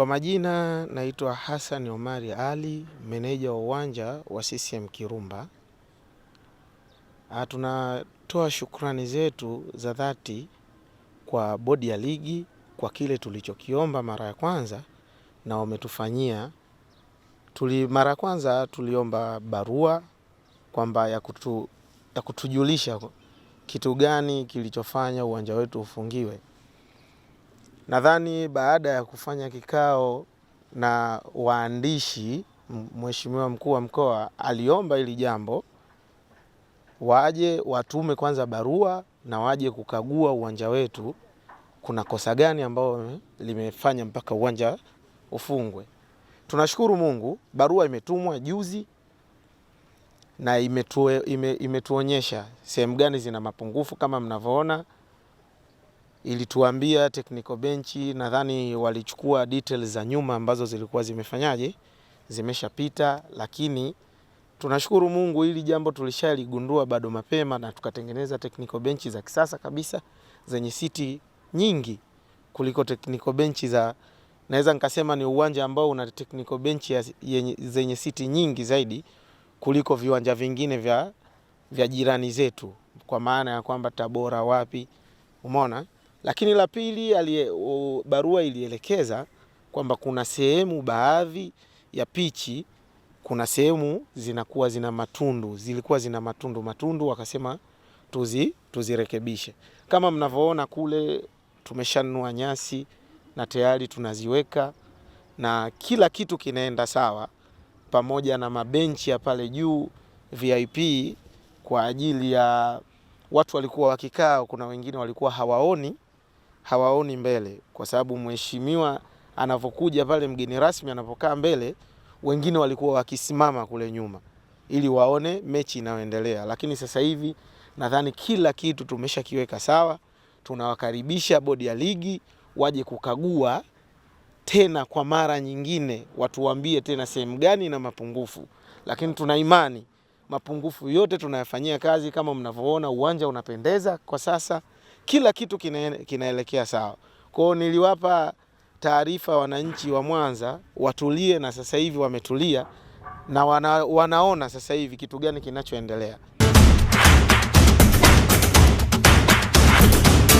Kwa majina naitwa Hassan Omari Ali, meneja wa uwanja wa CCM Kirumba. Ah, tunatoa shukrani zetu za dhati kwa bodi ya ligi kwa kile tulichokiomba mara ya kwanza na wametufanyia. Tuli mara ya kwanza tuliomba barua kwamba ya, kutu, ya kutujulisha kitu gani kilichofanya uwanja wetu ufungiwe. Nadhani baada ya kufanya kikao na waandishi, mheshimiwa mkuu wa mkoa aliomba hili jambo, waje watume kwanza barua na waje kukagua uwanja wetu, kuna kosa gani ambayo limefanya mpaka uwanja ufungwe. Tunashukuru Mungu, barua imetumwa juzi na imetuonyesha sehemu gani zina mapungufu kama mnavyoona ilituambia technical bench, nadhani walichukua details za nyuma ambazo zilikuwa zimefanyaje zimeshapita, lakini tunashukuru Mungu hili jambo tulishaligundua bado mapema na tukatengeneza technical bench za kisasa kabisa zenye siti nyingi kuliko technical bench za naweza nikasema ni uwanja ambao una technical bench zenye siti nyingi zaidi kuliko viwanja vingine vya, vya jirani zetu, kwa maana ya kwamba Tabora wapi, umeona. Lakini la pili alie, o, barua ilielekeza kwamba kuna sehemu baadhi ya pichi kuna sehemu zinakuwa zina matundu, zilikuwa zina matundu matundu, wakasema tuzi tuzirekebishe. Kama mnavyoona kule tumeshanua nyasi na tayari tunaziweka na kila kitu kinaenda sawa, pamoja na mabenchi ya pale juu VIP kwa ajili ya watu walikuwa wakikaa, kuna wengine walikuwa hawaoni hawaoni mbele, kwa sababu mheshimiwa anavyokuja pale, mgeni rasmi anapokaa mbele, wengine walikuwa wakisimama kule nyuma ili waone mechi inayoendelea, lakini sasa hivi nadhani kila kitu tumeshakiweka sawa. Tunawakaribisha bodi ya ligi waje kukagua tena kwa mara nyingine, watuambie tena sehemu gani na mapungufu, lakini tuna imani mapungufu yote tunayafanyia kazi. Kama mnavyoona uwanja unapendeza kwa sasa kila kitu kinaelekea sawa. Kwa hiyo niliwapa taarifa wananchi wa Mwanza watulie, na sasa hivi wametulia na wana, wanaona sasa hivi kitu gani kinachoendelea.